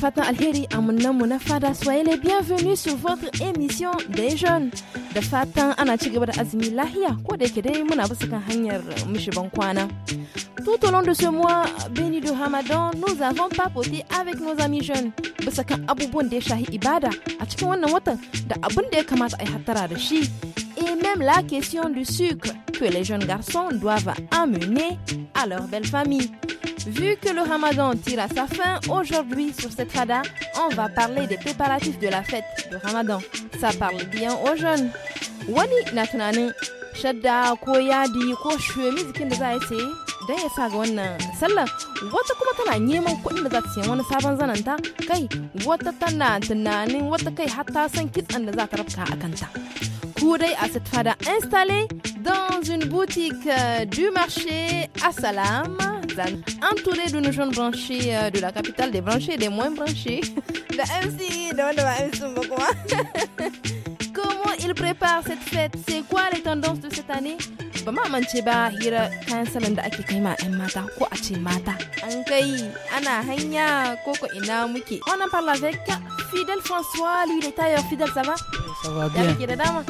fatan alheri a mon mu fada soyez les bienvenus sur votre émission des jeunes da fatan ana ci gaba da azumi lahiya ko da tout au long de ce mois béni de Ramadan nous avons papoté avec nos amis jeunes Basakan kan shahi ibada a cikin wannan watan da abin da ya shi et même la question du sucre que les jeunes garçons doivent amener à leur belle famille Vu que le ramadan tire à sa fin, aujourd'hui sur cette fada, on va parler des préparatifs de la fête de ramadan. Ça parle bien aux jeunes. Wani na tunanin shadda ko yadi ko chemise kin da za a saye don ya sa ga wannan sallar. Wata kuma tana neman kuɗin da za ta sayi wani sabon zananta kai wata tana tunanin wata kai hatta ta san kitsan da za ta rabta a kanta. Kudai a cette fada installée dans une boutique euh, du marché à Salam entouré d'une jeune branchée euh, de la capitale des branchés et des moins branchés. Comment il prépare cette fête C'est quoi les tendances de cette année On en parle avec... hira ana ina Fidel François, lui il est tailleur. fidèle, ça va Ça va bien. Avec Dama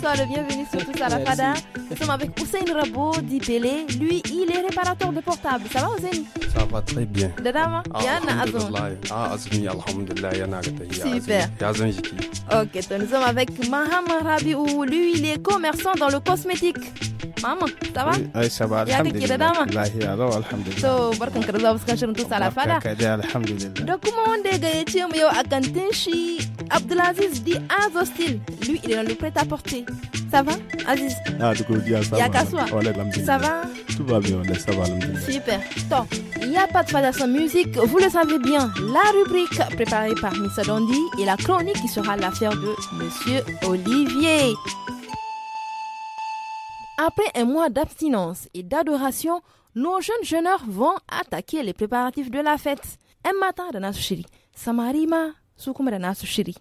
Sois le bienvenu sur tout ça, la Fada. Nous sommes avec Hussein Rabo, dit Bélé. Lui, il est réparateur de portable. Ça va, Hussein Ça va très bien. Dama Yana Azoum. Ah, Azoumi, alhamdulillah, Yana Super. Ok, donc nous sommes avec Maham Rabiou. Lui, il est commerçant dans le cosmétique. Maman, ça va Oui, ça va, alhamdulillah. Alhamdulillah. So, barkan ka da zuwa fuskan tout ça, la fada. Donc, comment on ya gayyace mu yau à kantin dit un hostile. Lui, il est dans le prêt-à-porter. Ça va, Aziz Ah, tu ça. Il y a qu'à soi. Ça va Tout va bien, ça va. Super. Top. Il n'y a pas de fada sans musique, vous le savez bien. La rubrique préparée par Miss Dondi et la chronique qui sera l'affaire de Monsieur Olivier. Après un mois d'abstinence et d'adoration, nos jeunes jeunesurs vont attaquer les préparatifs de la fête. Un matin, dans notre chérie. samari ma su kuma da nasu shiri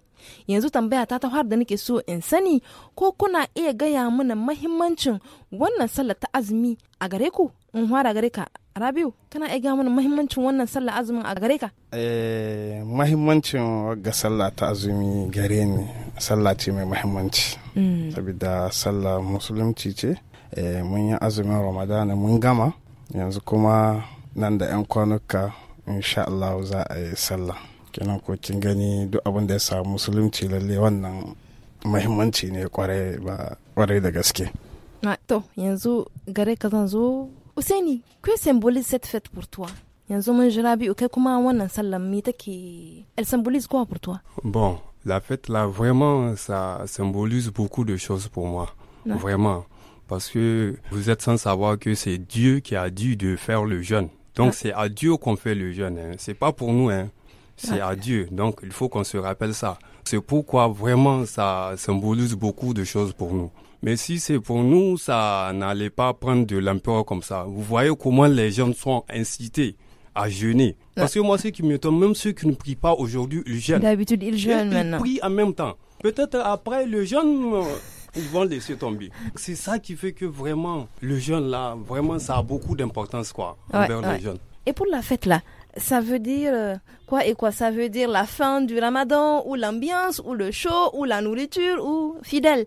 yanzu tambaya ta ta har da nake so in sani ko kuna iya gaya mana mahimmancin wannan sallar ta azumi a gare ku in fara gare ka rabiu kana iya gaya mana mahimmancin wannan sallar azumin a gare ka eh, mahimmancin ga sallah ta azumi gare ni sallah ce mai mahimmanci mm. saboda sallah musulunci ce eh, mun yi azumin ramadana mun gama yanzu kuma nan da 'yan kwanuka insha Allah za a yi sallah kenan ko kin gani duk abin da ya samu musulunci lalle wannan mahimmanci ne kwarai ba kwarai da gaske ah, to yanzu gare ka zan zo Usaini que symbolise cette fête pour toi yanzu mun jira biyu kai kuma wannan sallan mi take elle symbolise quoi pour toi bon la fête là vraiment ça symbolise beaucoup de choses pour moi ah. vraiment parce que vous êtes sans savoir que c'est Dieu qui a dit de faire le jeûne donc ah. c'est à Dieu qu'on fait le jeûne hein. c'est pas pour nous hein c'est à Dieu. Donc il faut qu'on se rappelle ça. C'est pourquoi vraiment ça symbolise beaucoup de choses pour nous. Mais si c'est pour nous, ça n'allait pas prendre de l'ampleur comme ça. Vous voyez comment les jeunes sont incités à jeûner. Parce que moi, ce qui tombe même ceux qui ne prient pas aujourd'hui, ils jeûnent. D'habitude, ils jeûnent maintenant. Ils prient en même temps. Peut-être après le jeûne, ils vont laisser tomber. C'est ça qui fait que vraiment, le jeûne là, vraiment, ça a beaucoup d'importance, quoi, envers les jeunes. Et pour la fête là, ça veut dire euh, quoi et quoi Ça veut dire la fin du ramadan ou l'ambiance ou le show ou la nourriture ou fidèle.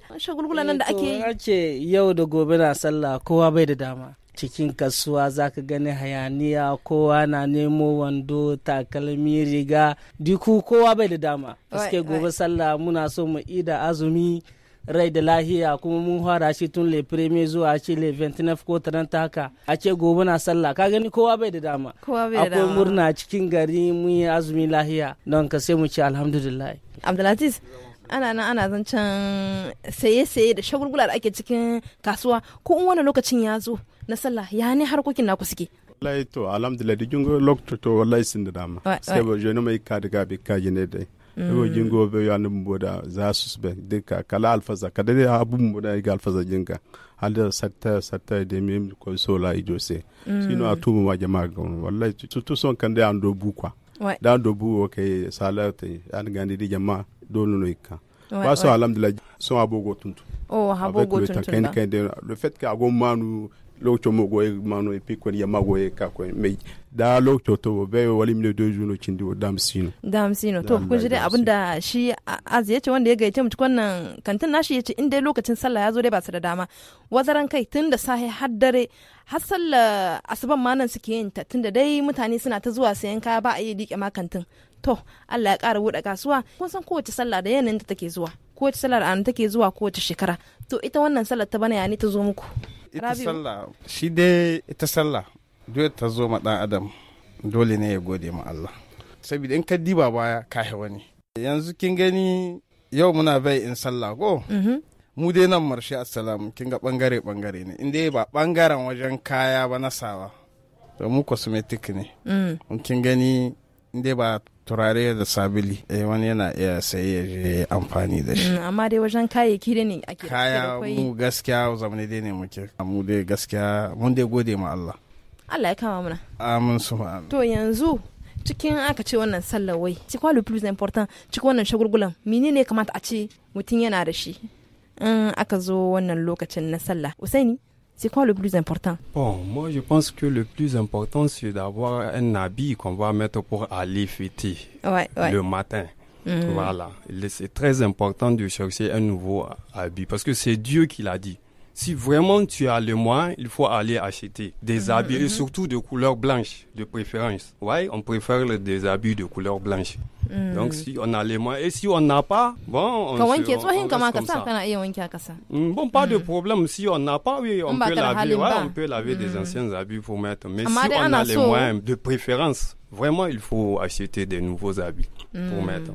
cikin kasuwa za ka gani hayaniya kowa na nemo wando takalmi riga duku kowa bai da dama. Paske gobe sallah muna so mu ida azumi rai da lahiya kuma mun fara shi tun le premier zuwa ce le 29 ko 30 haka a ce gobe na sallah ka gani kowa bai da dama akwai murna cikin gari mun yi azumi lahiya don ka sai mu ce alhamdulillah abdulaziz ana nan ana zancen saye-saye da shagulgula da ake cikin kasuwa ko in wani lokacin ya zo na sallah ya ne harkokin naku suke wallahi to alhamdulillah dijin lokacin to wallahi sun da dama sai ba jeno mai ka daga bi ka ne dai ego jingo be yo anum boda za susbe dinka kala alfaza kadade abum boda ga alfaza jinga halda sakta sakta de mem ko sola ijo se mm. a atumu ma jama gon wallahi tutu son kande ando bu kwa da ando bu o ke sala te an gandi di jama dolu no ikka ba so alhamdulillah son abogo tuntu oh abogo tuntu le fait que agom manu lokacin mago ya mano ya e fikon ya mago ya e kakon e mai da lokacin to bai wa wali miliyan doji no cin diwo dam sino to kun ji dai shi az ya ce wanda ya gaice mutu wannan kantin nashi ya ce in dai lokacin sallah ya zo dai ba su da dama wazaran kai tun da sahi har dare har sallah asuban ma nan suke yin ta tun da dai mutane suna ta zuwa sayan kaya ba a yi dike ma kantin to Allah ya ƙara buɗe kasuwa kun san kowace sallah da yanayin da take zuwa kowace sallar an take zuwa kowace shekara to ita wannan sallar ta bana ya ne ta zo muku ita sallah shi dai ita sallah duk ta zo ma dan adam dole ne ya gode ma Allah saboda in ka diba baya kahe wani yanzu kin gani yau muna bai in sallah ko mhm. mu dai nan marshe assalamu kin ga bangare bangare ne inda ba bangaren wajen kaya ba na sawa to mu cosmetic ne mm. kin gani inda ba turare da sabili eh wani yana iya sai ya je amfani da shi mm, amma dai wajen kayayyaki da ne ake kaya mu gaskiya zamani dai ne muke mu dai gaskiya mun dai gode ma Allah Allah ya kama muna amin su to yanzu cikin aka ce wannan sallar wai ci kwalu plus important cikin wannan shagulgulan menene ne kamata a ce mutum yana da shi in aka zo wannan lokacin na sallah usaini C'est quoi le plus important Bon, moi je pense que le plus important c'est d'avoir un habit qu'on va mettre pour aller fêter le matin. Mhm. Voilà, c'est très important de chercher un nouveau habit parce que c'est Dieu qui l'a dit. Si vraiment tu as le moins, il faut aller acheter des mhm, habits et mhm. surtout de couleur blanche de préférence. Ouais, on préfère des habits de couleur blanche. Mm. Donc si on a les moyens et si on n'a pas, bon, on, se, ça. Bon, pas de mm. problème. Si on n'a pas, oui, on, peut laver, on peut laver des mm. anciens habits pour mettre. Mais si on a les moyens, de préférence, vraiment il faut acheter des nouveaux habits pour mettre.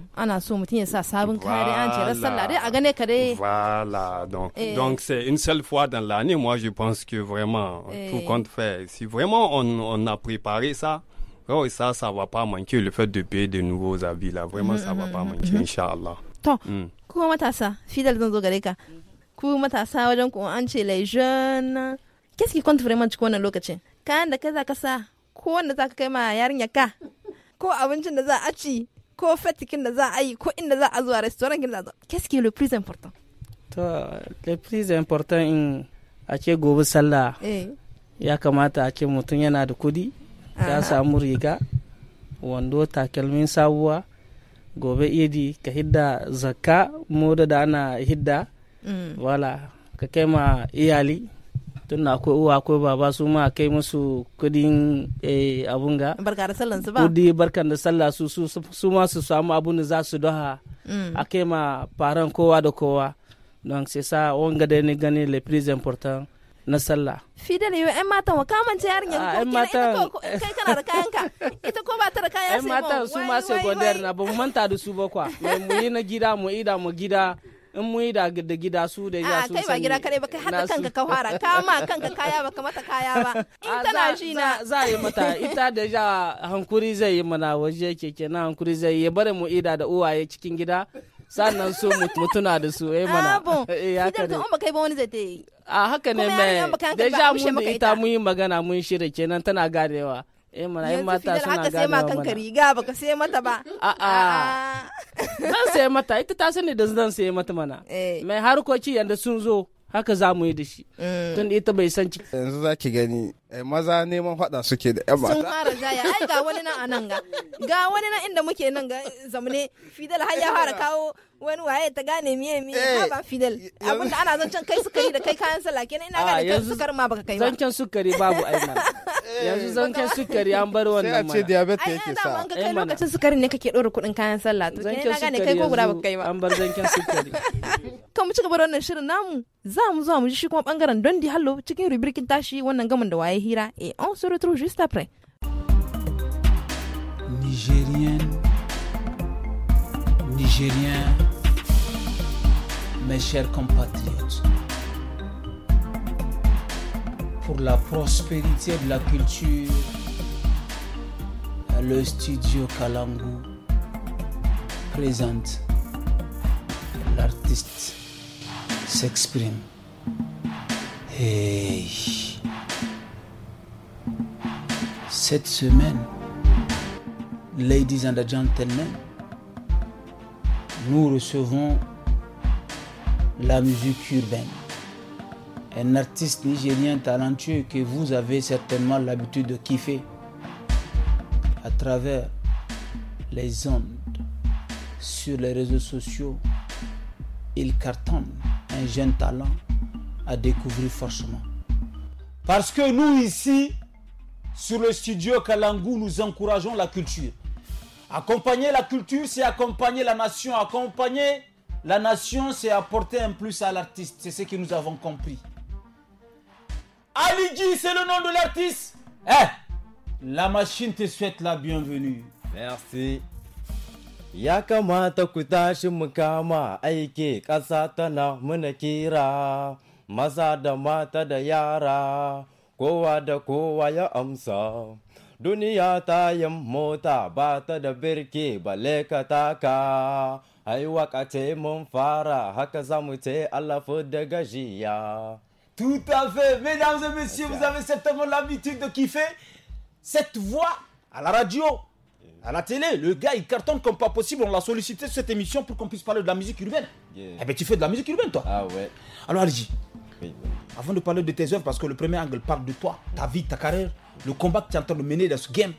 Voilà, donc donc c'est une seule fois dans l'année. Moi, je pense que vraiment tout compte fait. Si vraiment on a préparé ça. Oh, et ça ça va pas manquer le fait de payer de nouveaux avis là vraiment ça va pas mm, mm, manquer mm, insha Allah to kuma matasa fidal ça, fidèle dans le ku matasa wajen ku an ce les jeunes qu'est-ce qui compte vraiment tu connais le kayan Quand tu as ça, sa ko wanda za ka kai ma yarinya ka ko abincin da za a ci ko fatikin da za a restaurant da za a qu'est-ce qui est le plus important to le plus important c'est que ce gobe sallah eh. ya kamata a ce mutum yana da kudi ya samu riga wando takalmin sabuwa gobe idi ka hidda zakka moda da ana hidda mm. wala ka kai ma iyali tun akwai uwa akwai baba su ma kai musu kudin eh, abun ga kudi barkan da sallah su su ma su samu abun da za su doha mm. a kai ma faran kowa da kowa don sai sa wanga da ni gani le plus important na sallah fidal yau yan matan wa kamance yarinya ah, ko yan matan kai kana da kayanka ita ko ba ta da kaya sai yan matan su ma secondaire na ba mu manta da su ba kwa mu yi na gida mu ida mu gida in mu yi da gida su da ya ah, su kai ba gida kare ba kai hada kanka ka fara kama kanka kaya ba mata kaya ba ah, in tana shi na za yi mata ita da ja hankuri zai yi mana waje keke na hankuri zai yi bare mu ida da uwaye cikin gida sannan su mutuna da su eh mana eh haka ne kuma kai ba wani zai yi a haka ne mai deja mun ita mun yi magana mun shirya kenan tana gadewa eh mana yan mata suna gadewa mana haka sai ma kanka ba ka sai mata ba a a zan sai mata ita ta sani da zan sai mata mana eh. mai harkoci yanda sun zo haka za mu yi da shi eh. tun ita bai san ciki yanzu za ki gani eh, maza neman faɗa suke da yan mata sun fara jaya ai ga wani nan a nan ga ga wani nan inda muke nan ga eh, zamne fidal har ya fara kawo wani waye ta gane miye miye eh, ha ba fidel abin da ana zancen kai sukari da kai kayan sallah kenan ina ah, gane kai sukar ma baka kai ba zancen sukari babu aina eh. yanzu zancen sukari an bar wannan mana sai a ce diabetes yake sa ai kai lokacin sukari ne kake dora kudin kayan sallah to kenan ina gane kai ko guda baka kai ba an bar zancen sukari to mu ci gaba da wannan shirin namu za mu zo mu ji shi kuma bangaren dondi hallo cikin rubrikin tashi wannan gamin da waye hira et on se retrouve juste après Nigérienne Nigériens, mes chers compatriotes, pour la prospérité de la culture, le studio Kalangu présente l'artiste s'exprime. Et Cette semaine, ladies and gentlemen, nous recevons la musique urbaine. Un artiste nigérien talentueux que vous avez certainement l'habitude de kiffer à travers les ondes, sur les réseaux sociaux. Il cartonne un jeune talent à découvrir forcément. Parce que nous ici, sur le studio Kalangu, nous encourageons la culture. Accompagner la culture, c'est accompagner la nation. Accompagner la nation, c'est apporter un plus à l'artiste. C'est ce que nous avons compris. Aligi, c'est le nom de l'artiste. Eh, la machine te souhaite la bienvenue. Merci ta mota da fara Tout à fait, mesdames et messieurs, vous avez certainement l'habitude de kiffer cette voix à la radio, à la télé, le gars il cartonne comme pas possible. On l'a sollicité cette émission pour qu'on puisse parler de la musique urbaine. Eh bien, tu fais de la musique urbaine, toi. Ah ouais. Alors, Algi, avant de parler de tes œuvres, parce que le premier angle parle de toi, ta vie, ta carrière, le combat que tu es en train de mener dans ce game.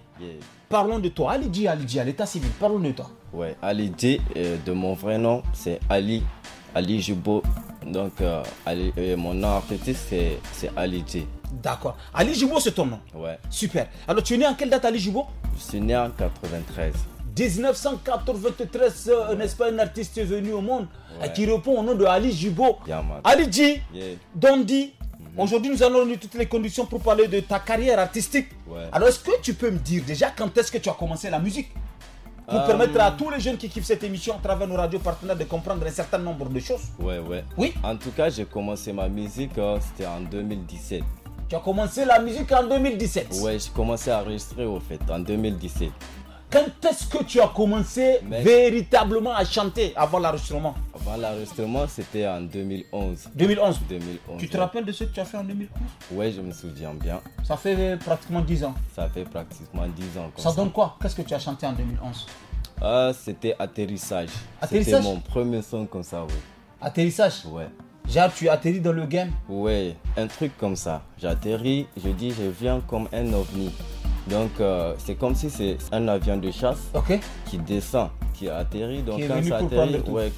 Parlons de toi. Ali Aliji, Ali à l'état civil, parlons de toi. Ouais, Ali euh, de mon vrai nom, c'est Ali, Ali jubo Donc, euh, euh, mon nom artistique, c'est, Ali D'accord. Ali Jibo, c'est ton nom Ouais. Super. Alors, tu es né en quelle date, Ali Je suis né en 93. 1993, n'est-ce pas, un artiste venu au monde qui répond au nom de Ali Jubo. Ali Dondi, Mm. Aujourd'hui, nous allons donner toutes les conditions pour parler de ta carrière artistique. Alors, est-ce que tu peux me dire déjà quand est-ce que tu as commencé la musique pour euh, permettre à tous les jeunes qui kiffent cette émission à travers nos radios partenaires de comprendre un certain nombre de choses. Ouais, ouais. Oui. En tout cas, j'ai commencé ma musique, hein, c'était en 2017. Tu as commencé la musique en 2017 Ouais, j'ai commencé à enregistrer au fait, en 2017. Quand est-ce que tu as commencé véritablement à chanter avant l'enregistrement Avant l'enregistrement, c'était en 2011. 2011 Tu te rappelles de ce que tu as fait en 2011 Ouais, je me souviens bien. Ça fait pratiquement 10 ans. Ça fait pratiquement 10 ans. ça, donne quoi Qu'est-ce que tu as chanté en 2011 ah, c'était atterrissage. C'était mon premier son comme ça, oui. Atterrissage Ouais. Genre, tu atterris dans le game Ouais, un truc comme ça. J'atterris, je dis, je viens comme un ovni. Donc euh, c'est comme si c'est un avion de chasse qui descend, qui atterrit. Donc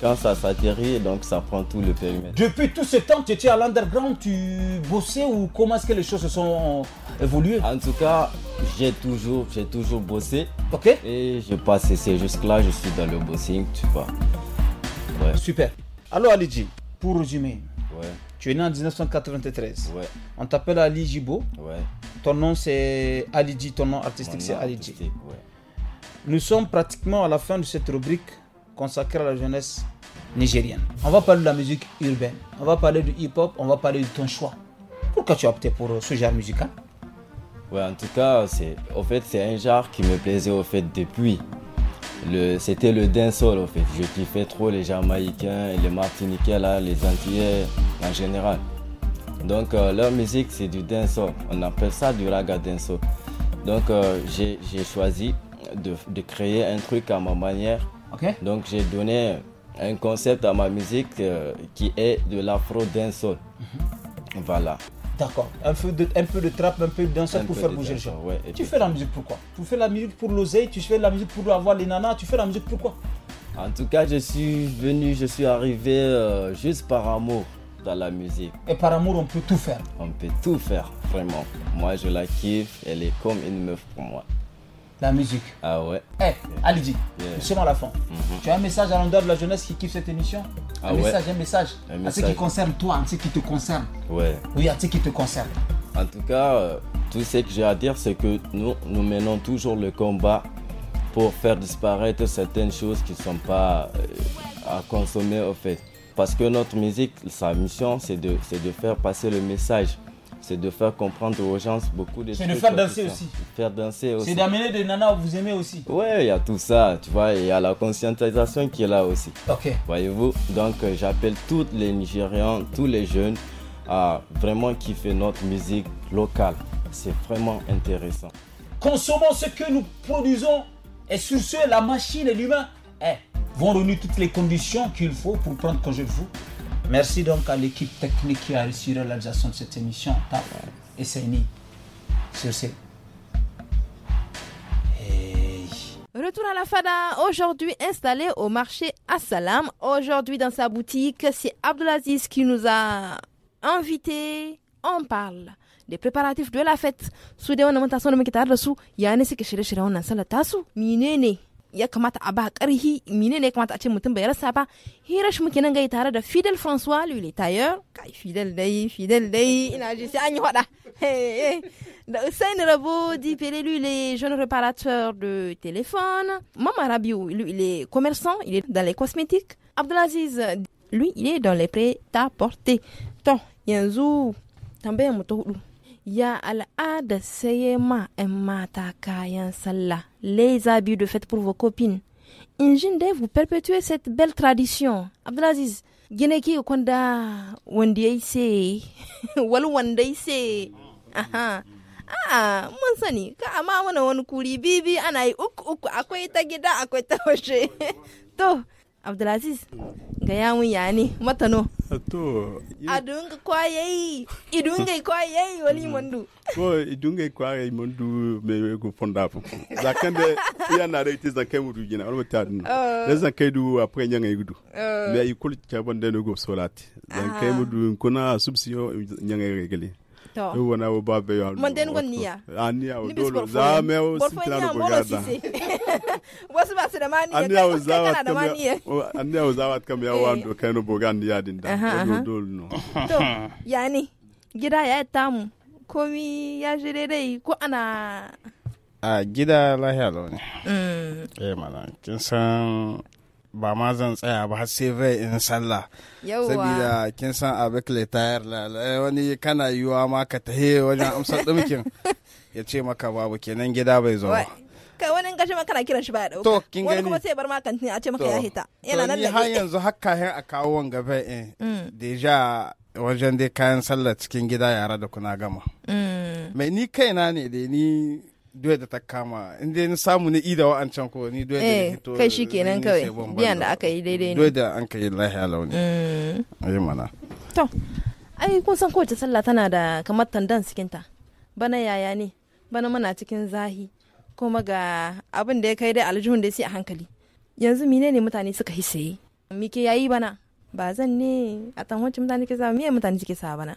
quand, ça s'atterrit, donc ça prend tout le périmètre. Depuis tout ce temps, tu étais à l'underground, tu bossais ou comment est-ce que les choses se sont évoluées En tout cas, j'ai toujours, j'ai toujours bossé. Ok. Et je pas cessé. Jusque-là, je suis dans le bossing, tu vois. Super. Alors Alidji, pour résumer. Ouais. Tu es né en 1993. On t'appelle Ali Jibo. Ton nom c'est Ali ton nom artistique c'est Ali G. Nous sommes pratiquement à la fin de cette rubrique consacrée à la jeunesse nigérienne. On va parler de la musique urbaine, on va parler du hip-hop, on va parler de ton choix. Pourquoi tu as opté pour euh, ce genre musical Ouais, en tout cas, c'est, fait, c'est un genre qui me plaisait au fait depuis c'était le dancehall en fait. Je kiffais trop les Jamaïcains, les Martiniquais, là, les Antillais en général. Donc euh, leur musique c'est du dancehall. On appelle ça du raga dancehall. Donc euh, j'ai choisi de, créer un truc à ma manière. Donc j'ai donné un concept à ma musique euh, qui est de l'afro dancehall. Mhm. Voilà. D'accord. Un, peu de, un trap, un peu de danse pour faire bouger les gens. tu fais la musique pourquoi Tu fais la musique pour l'oseille, tu fais la musique pour avoir les nanas, tu fais la musique pour quoi En tout cas, je suis venu, je suis arrivé euh, juste par amour dans la musique. Et par amour, on peut tout faire. On peut tout faire, vraiment. Moi, je la kiffe, elle est comme une meuf pour moi la musique. Ah ouais. Eh, Alidji, à la fin. Mm-hmm. Tu as un message à l'endroit de la jeunesse qui kiffe cette émission ah Un message, un message. Un à ce qui concerne toi, à ce qui te concerne. Ouais. Oui, à ce qui te concerne. En tout cas, euh, tout ce que j'ai à dire, c'est que nous, nous menons toujours le combat pour faire disparaître certaines choses qui ne sont pas euh, à consommer, au fait. Parce que notre musique, sa mission, c'est de, de faire passer le message c'est de faire comprendre aux gens beaucoup de choses. C'est de faire danser aussi. C'est d'amener des nanas où vous aimez aussi. Ouais, il y a tout ça, tu vois, il y a la conscientisation qui est là aussi. Ok. Voyez-vous, donc euh, j'appelle tous les Nigérians, tous les jeunes à vraiment kiffer notre musique locale. C'est vraiment intéressant. Consommons ce que nous produisons et sur ce, la machine et l'humain eh, vont donner toutes les conditions qu'il faut pour prendre congé de vous Merci donc à l'équipe technique qui a réussi la réalisation de cette émission, TAP et ni. Sur Retour à la Fada, aujourd'hui installé au marché Assalam. Aujourd'hui dans sa boutique, c'est Abdelaziz qui nous a invités. On parle des préparatifs de la fête. Soudé, on a Il ya kamata a ba karhi mine ne ya kamata a ce mutum bai rasa ba hirar shi muke nan gai tare da Fidel Francois Lule Tayer kai Fidel dai Fidel dai ina ji sai an yi hada da usain Rabo Dipele lui il jeune réparateur de téléphone Mama Rabiou lui il est commerçant il est dans les cosmétiques Abdelaziz lui il est dans les prêts à porter to yanzu tambayar mu ta hudu les habits de fête pour vos copines in vous perpétuez cette belle tradition abdulaziz gine ki konda wanda ya wal wanda se. aha Ah, mun sani ka ama mana wani kuri bibi ana yi uku uku akwai gida to gaya mun ya ne matano to adunga kwaye idunga kwaye wali mondu ko idunga kwaye mondu me go fonda fo zakande ya na re ti zakai mudu gina wala mutadin da zakai du apre nyanga igudu me ay kul chabon de no go solati zakai mudu kuna subsiyo nyanga regale wona wo ah, ba be yon mon den gon niya aniya o dolo zame o sitana go gada wasu ba su da mani aniya ah, o zawat kam aniya o zawat kam ya wando kano bogan niya din da dolo no to yani gida ya tamu komi ya jire ko ana a ah, gida lahiya lau ne mm. eh mana kin ba ma zan tsaya ba sai bai in sallah saboda kin san abin tayar wani kana yiwa ma ka tahe wajen amsar dumkin ya ce maka babu kenan gida bai zo ba kai wani kashe ma kana kiran shi ba ya dauka to kin gani wani kuma sai bar ma kantin a ce maka ya hita yana nan da har yanzu hakka hin a kawo wanga bai in eh, mm. deja wajen dai kayan sallah cikin gida yara da kuna gama mai mm. ni kaina ne dai ni duwe da ta kama in dai samu ni ida wa'ancan ko ni duwe da eh, hito kai shi kenan kawai biyan da aka yi daidai ne duwe da an ka yi lahiya launi mm. ayi mana to ai kun san kowace sallah tana da kamar tandan ta bana yaya ne bana muna cikin zahi kuma ga abin da ya kai dai aljihun da sai a hankali yanzu mine ne mutane suka yi saye mike yayi bana ba zan ne a tanwancin mutane ke sa miye mutane suke sa bana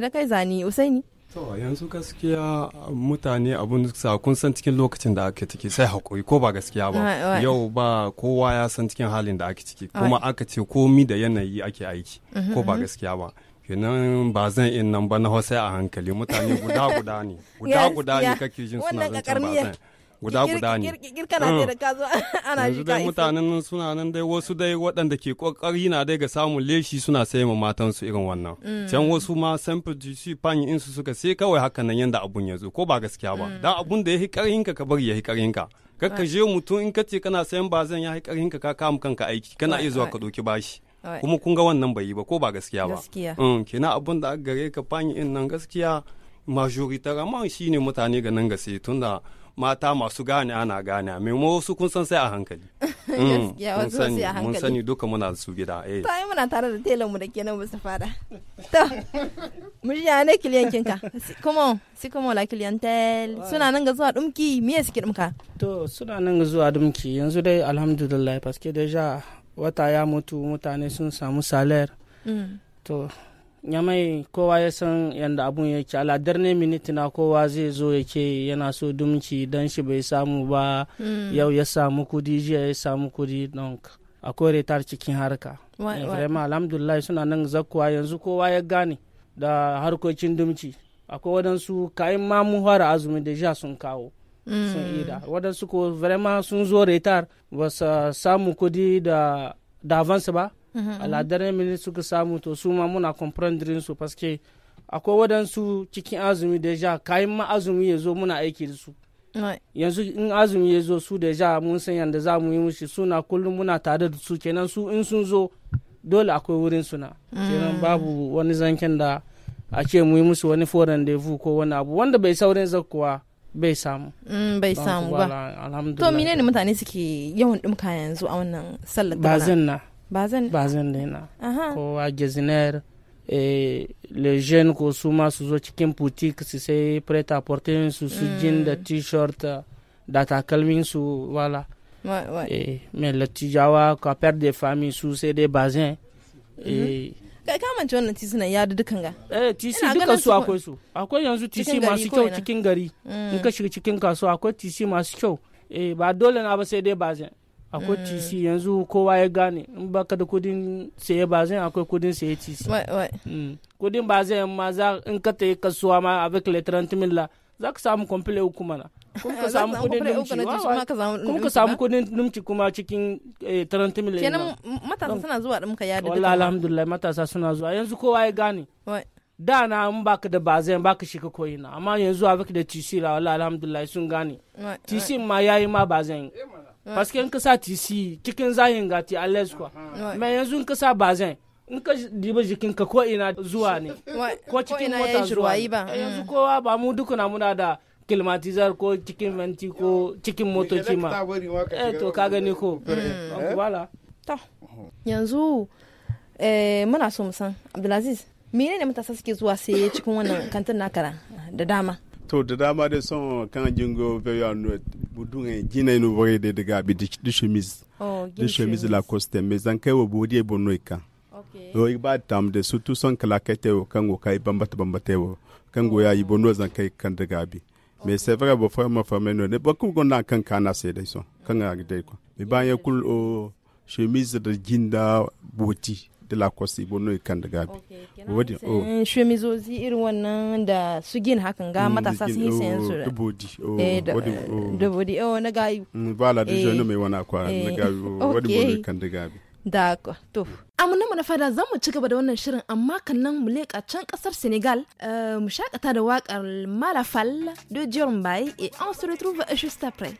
da kai zani usaini To yanzu gaskiya mutane abun sa kun san cikin lokacin da ake ciki sai haƙuri ko ba gaskiya ba yau ba kowa ya san cikin halin da ake ciki kuma aka ce komi da yanayi ake aiki mhm, ko ba mhm. gaskiya ba kenan ba zan in nan ba na sai a hankali mutane guda guda ne guda guda ne kake jin suna zancen ba zan guda guda ne kirkana ne mm. da ka zo ana shi ka mutanen suna nan dai wasu dai waɗanda ke kokari na dai ga samun leshi suna sai ma matan su irin wannan mm. can wasu ma sample su fanyi in su suka sai kawai haka nan yanda abun ya zo ko ba gaskiya ba mm. dan abun da ya karhin ka ka bari yahi karhin ka kakka je mutum in ka ce kana sayan ba zan yahi karhin ka ka kama kanka aiki kana iya zuwa ka doki bashi kuma kun ga wannan bai yi ba ko ba gaskiya ba kina abun da aka gare ka fanyi in nan gaskiya shi shine mutane ga nan gase tunda mata masu gane ana gane mai wasu kun san sai a hankali gaskiya mm, wasu a hankali mun sani duka muna su gida eh yi ai muna tare da telan mu da kenan su fada to murya ne kiliyan kinka kuma si kuma la tel. suna nan ga zuwa dumki me ki dumka to suna nan ga zuwa dumki yanzu dai alhamdulillah paske deja wata ya mutu mutane sun samu salar mm. to ya mai kowa ya san yadda abun yake aladar ne miniti na kowa zai zo ya ke yana so dumci dan shi bai samu ba mm. yau ya samu kudi jiya ya samu kudi don kore tar cikin harka vraiment alhamdulillah suna nan zakkuwa yanzu kowa ya gane da harkokin dumci akwai wadansu kayan mamu fara azumi da ja sun kawo mm. sun ida wadansu ko vraiment sun zo retar ba samu kudi da davansu ba Mm-hmm. a la dernière minute suka samu to su ma muna comprendre su paske akwai wadansu cikin azumi da ja kayan ma azumi ya zo muna aiki da su yanzu in azumi ya zo su ja mun san yadda za mu yi mushi suna kullum muna tare da su kenan su in sun zo dole akwai wurin suna mm. kenan babu wani zanken da a ce mu yi musu wani foreign vu ko wani abu wanda bai saurin zakkuwa bai samu mm, bai samu ba to mine ne mutane suke yawan dumka yanzu a wannan sallar ba zan na ba zan daina a gezinar eh, le jeune ko su ma su zo cikin boutique su sai prêt à porter su su mm. jin eh, mm-hmm. eh. da t-shirt da takalmin su wala mais tijawa ka per de famille su sai dai kai ka ci wannan na ya dukan ga eh tisi duka su akwai su akwai yanzu tisi masu kyau cikin gari in ka mm. shiga cikin kasuwa akwai tisi masu kyau eh ba dole na ba sai dai bazan akwai mm. tc yanzu kowa ya gane in baka da kudin saye ba zai akwai kudin saye tc mm. kudin ba zai ma za in ka ta yi kasuwa ma a bakin letran timilla za ka samu kwamfile uku mana kuma ka samu kudin numci kuma cikin taran eh, timilla kenan matasa suna zuwa da muka yada wala alhamdulillah matasa suna zuwa yanzu kowa ya gane da na in baka da bazen baka shiga na amma yanzu a bik da tc la wala alhamdulillah sun gane tc ma yayi ma bazen parce que in ka ti si cikin zahin ga ti alles kwa me yanzu in ka sa bazin n ka diba ka ko ina zuwa ne ko cikin mota zuwa eh, yanzu mm. kowa ba mu dukuna muna da kilmatizar ko cikin venti ko cikin motoci ma eh to ka gani ko wala mm. eh, mm. ta yanzu eh, muna so mu san abdulaziz menene matasa suke zuwa sai cikin wannan kantin nakara da dama to da dama son quand jingo veyo no budun e jina no vore de de chemise de chemise la coste. mais en kai wo bodi e bonno ka o oh, iba tam de surtout son claquette o kan o kai bambate bambata o kan go ya yi zan kan de mais c'est vrai bo femme ma femme no ne beaucoup gonda kan kana se de son kan de quoi. mi ba ye kul o chemise de jinda boti de la kwasi bono e kan da gabi wadi o oh. shemizozi irin wannan da su gina hakan ga mm, matasa sun yi sayan oh, su da bodi o oh, eh, wadi o eh, da o na gabi bala mm, da jeno eh, mai wana kwa na gabi wadi bono kan da gabi da to amuna mu na fada za mu ci gaba da wannan shirin amma kan nan mu leƙa can ƙasar senegal mu shakata da waƙar malafal de jormbay et on se retrouve juste après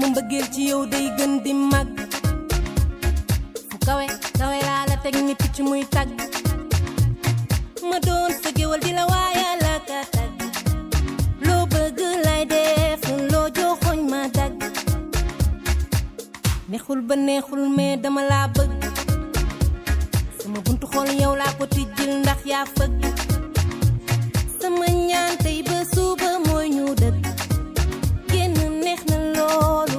sama mbëggeel ci yow day gën di màgg fu kawe kawe laa la teg ni picc muy tag ma doon sa géwal di la waaya la ka tag loo bëgg lay def loo joxoñ ma dagg neexul ba neexul mais dama laa bëgg sama buntu xool yow laa ko tijjil ndax yaa fëgg sama ñaan tey ba suba mooy ñu dëgg génn neex na lool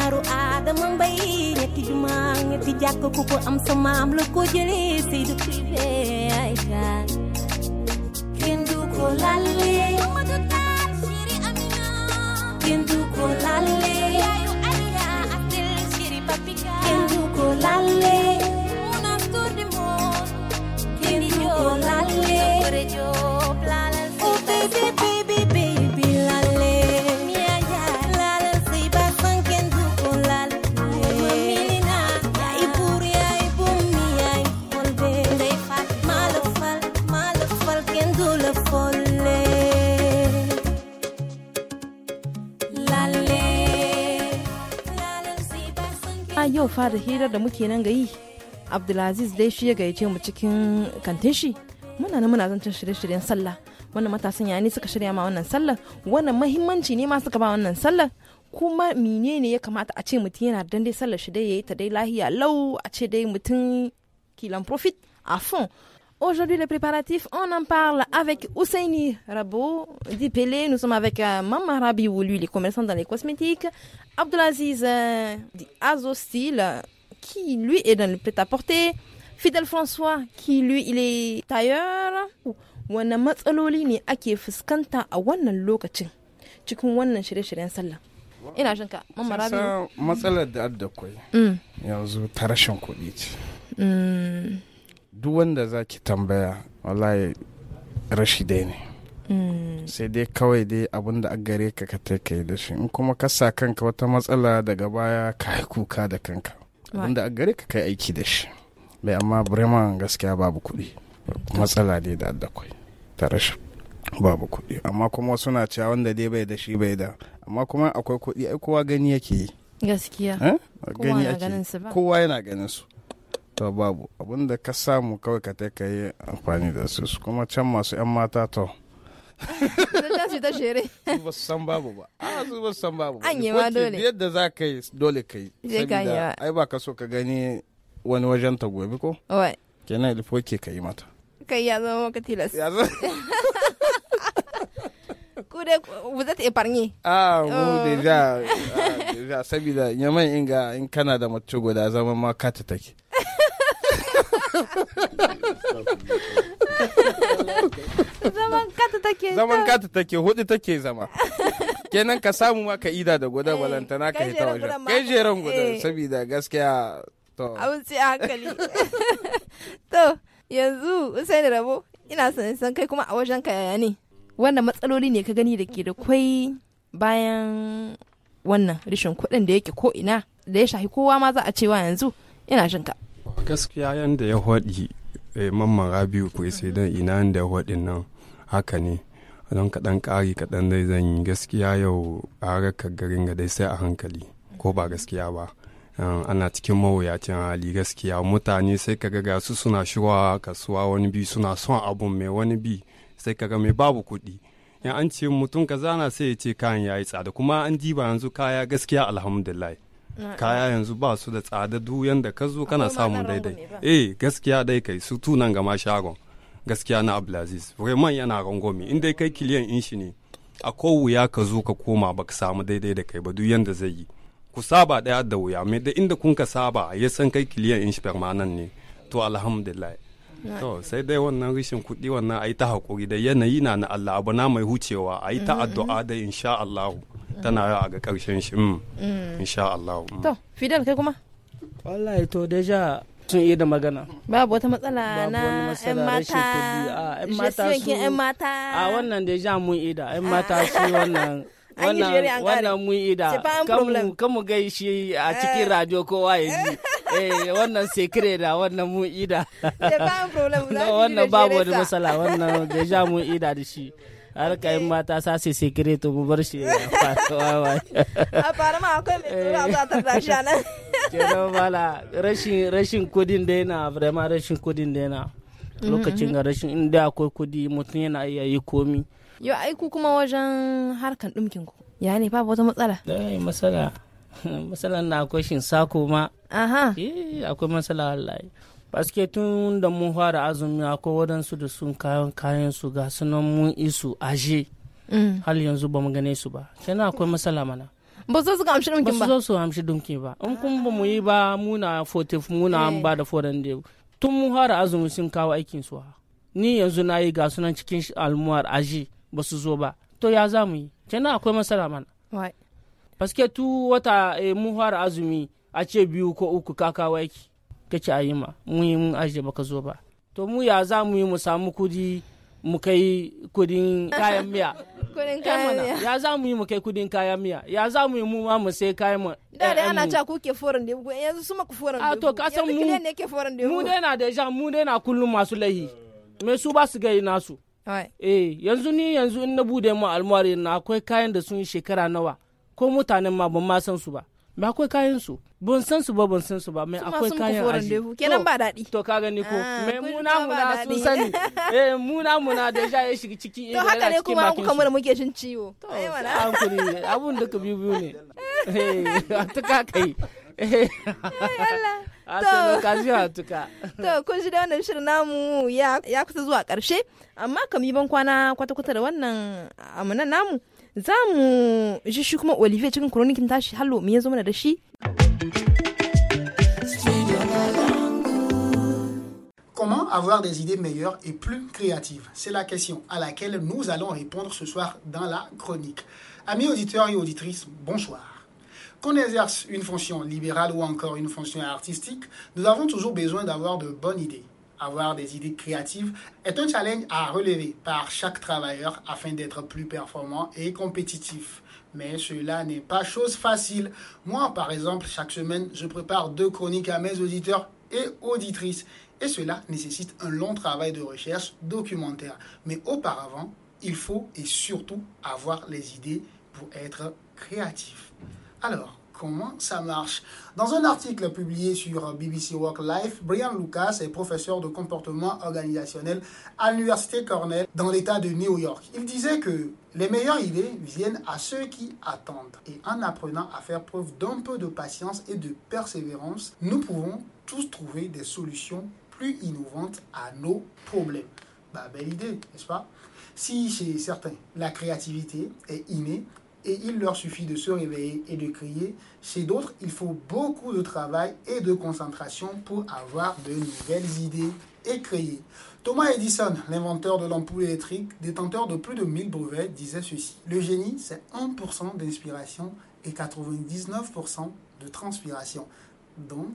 naaru aadama mbay ñetti juma ñetti jàkk ku ko am sa maam la ko jëlee Seydou privé ay gaan kenn du ko lalle kenn du ko lalle kenn du ko lalle kenn du ko lalle oh baby yau fa da hirar da muke nan ga yi abdulaziz dai shi ya gayyace mu cikin kantin shi muna nan muna zancen shirye-shiryen sallah wannan matasan ya ne suka shirya ma wannan sallar wannan mahimmanci ne ma suka ba wannan sallar kuma menene ya kamata a ce mutum yana dan dai sallar shi dai yayi ta dai lahiya lau a ce dai mutum kilan profit a fon Aujourd'hui, les préparatifs, on en parle avec Ousseini Rabo d'Ipélé. Nous sommes avec euh, Mama Rabi lui, les commerçants dans les cosmétiques. Abdelaziz euh, Azostil, qui lui est dans le prêt-à-porter. Fidel François, qui lui, il est tailleur. Wana matsaloli ne ake fuskanta a wannan lokacin cikin wannan shirye-shiryen sallah. Ina jinka, Mama Rabi. Matsalar da adda kwai hmm. yanzu ta rashin kuɗi ce. Hmm. duk wanda za ki tambaya wallahi rashi dai ne mm. sai dai kawai dai abin da gare ka ka ka da shi in kuma ka sa kanka wata matsala daga baya ka yi kuka da kanka abin da gare ka kai aiki da shi bai amma bremen gaskiya babu kuɗi matsala dai da addakwai ta rashin babu kuɗi amma kuma suna cewa wanda dai bai da shi bai da amma kuma akwai kuɗi ai kowa gani yake yi gaskiya eh? gani kowa yana ganin su to babu abin da ka samu kawai ka ka yi amfani da su kuma can masu 'yan mata to ta ta shere ba su san babu ba a ah, su ba su san babu an yi ma dole yadda za ka yi dole ka yi saboda ai ba ka so ka gani wani wajen ta gobe ko kenan ilfo ke ka yi mata kai ya zama maka tilas ku dai vous êtes épargné ah mu déjà oh. déjà ah, saboda yaman inga in kana da mace guda zama ma kata take zaman kata take zaman katu take hudu take zama kenan ka samu ma ka ida da guda eh, balantana ka hita wajen kai jeran guda eh. sabida gaskiya to abin sai hankali to yanzu Usaini rabo ina son san kai kuma a wajen ka yaya ne wannan matsaloli ne ka gani da ke da kwai bayan wannan rashin kuɗin da yake ko ina da ya shafi kowa ma za a cewa yanzu ina jin ka gaskiya yadda ya haɗi eh, mamman rabiu president ina da haɗi nan haka ne don kaɗan ƙari kaɗan dai zan yi gaskiya yau a harkar garin ga dai sai a hankali ko ba gaskiya ba ana cikin mawuyacin hali gaskiya mutane sai ka ga su suna shirwa kasuwa wani bi suna son abun mai wani bi sai ka ga mai babu kuɗi in an ce mutum ka zana sai ya ce kayan yayi tsada kuma an diba yanzu kaya gaskiya alhamdulillah kaya yanzu ba su da tsada du yanda ka zo kana samu daidai eh gaskiya dai kai su tunan gama shagon gaskiya na abdulaziz man yana rangomi in dai kai kiliyan in shi ne a wuya ka zo ka koma ba ka samu daidai da kai ba du yanda zai yi ku saba daya da wuya mai da inda kun ka saba ya san kai kiliyan in shi permanent ne to alhamdulillah to sai dai wannan rishin kuɗi wannan a ta hakuri da yanayi na na Allah abu na mai hucewa a ta mm-hmm. addu'a da insha Allah tana yawa ga karshen shi mm. mm. sha Allah mm. to Fidel kai kuma wallahi to deja sun iya da magana babu wata matsala na yan mata yan ah, mata su yan mata a ah, wannan deja mun da. yan mata ah. su wannan wannan wannan mun da kamu mu shi a cikin eh. radio kowa ya ji eh wannan secret da wannan mun yi da. wannan babu wani matsala wannan deja mun yi da shi har yin mata sa su sikire to mu bar shi ya fara a fara ma akwai mai tura zuwa ta tashi nan kenan bala rashin rashin kudin da yana vraiment rashin kudin da yana mhm. lokacin ga rashin inda akwai kudi mutum yana iya yi komi yau aiku kuma wajen harkan dumkin ku ya ne babu wata matsala yi eh, matsala matsalan na akwai shin sako ma aha eh akwai matsala wallahi Baske tun da mun fara azumi akwai waɗansu da sun kayan kayan su ga sunan mun isu aje. Mm. har yanzu ba mu gane su ba. Kenan akwai matsala mana. ba su suka amshi dumkin ba ba su so su amshi dumki ba in kun ba mu yi ba muna mu muna an eh. ba da foran da tun mun fara azumi sun kawo aikin su ni yanzu na yi ga sunan cikin almuwar aje. ba su zo ba to ya za mu yi kenan akwai matsala mana paske tu wata eh, mun fara azumi a ce biyu ko uku ka kawo aiki kace a yi ma mun yi mun ajiye baka zo ba to mu ya za mu yi mu samu kudi mu kai kudin kayan miya kudin eh, kayan miya ya za mu yi mu kai kudin kayan miya ya za mu yi mu ma mu sai kayan mu da da ana ta ku ke forin da yanzu su maku forin da ah, to ka san mu mu dai na da ja mu dai na kullum masu lahi me su ba su ga nasu eh yanzu ni yanzu in na bude mu almuwari na akwai kayan da sun shekara nawa ko mutanen ma ban ma san su ba me akwai kayan su bun san su ba bun san su ba mai akwai kayan aji kenan ba dadi to ka gani ko ah, mai muna muna sun sani eh muna muna da ja ya shiga ciki eh to haka ne kuma an kuma da muke shin ciwo to eh wala hankuri abun duka biyu biyu ne eh ta eh. ka kai eh Allah to kaziya tuka to kun ji da wannan shirin namu ya kusa zuwa karshe amma kam yi ban kwana kwata-kwata da wannan amunan namu Comment avoir des idées meilleures et plus créatives C'est la question à laquelle nous allons répondre ce soir dans la chronique. Amis auditeurs et auditrices, bonsoir. Qu'on exerce une fonction libérale ou encore une fonction artistique, nous avons toujours besoin d'avoir de bonnes idées avoir des idées créatives est un challenge à relever par chaque travailleur afin d'être plus performant et compétitif. Mais cela n'est pas chose facile. Moi, par exemple, chaque semaine, je prépare deux chroniques à mes auditeurs et auditrices. Et cela nécessite un long travail de recherche documentaire. Mais auparavant, il faut et surtout avoir les idées pour être créatif. Alors, comment ça marche. Dans un article publié sur BBC Work Life, Brian Lucas est professeur de comportement organisationnel à l'Université Cornell dans l'État de New York. Il disait que les meilleures idées viennent à ceux qui attendent. Et en apprenant à faire preuve d'un peu de patience et de persévérance, nous pouvons tous trouver des solutions plus innovantes à nos problèmes. Bah, belle idée, n'est-ce pas Si chez certains, la créativité est innée, et il leur suffit de se réveiller et de crier. Chez d'autres, il faut beaucoup de travail et de concentration pour avoir de nouvelles idées et créer. Thomas Edison, l'inventeur de l'ampoule électrique, détenteur de plus de 1000 brevets, disait ceci. Le génie, c'est 1% d'inspiration et 99% de transpiration. Donc,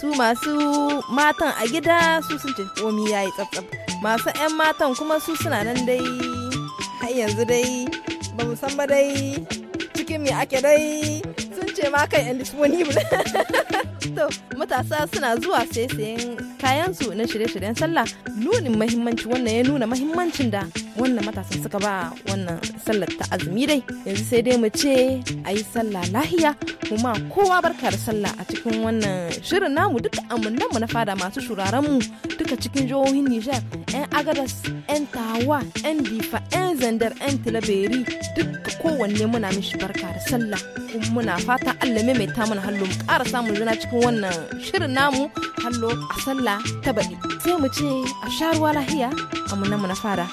su masu matan a gida su sun ce komi ya yi tsabtsab masu 'yan matan kuma su suna nan dai har yanzu dai ba mu san ba dai cikin mai ake dai sun ce ma kai indisponible to matasa suna zuwa sai sayan kayansu na shirye-shiryen sallah nunin mahimmanci wannan ya nuna mahimmancin da wannan matasa suka ba wannan sallar ta azumi dai yanzu sai dai mu ce a yi sallah lahiya kuma kowa barka da sallah a cikin wannan shirin namu duka amannan mu na fada masu shuraren mu duka cikin jihohin Nijar yan agadas yan tawa yan difa yan zandar yan tilaberi duka kowanne muna mishi barka da sallah muna fata Allah mai ta mana hallo mu ƙara samun juna cikin wannan shirin namu hallo a sallah ta baɗi sai mu ce a sha ruwa lahiya amannan mu na fada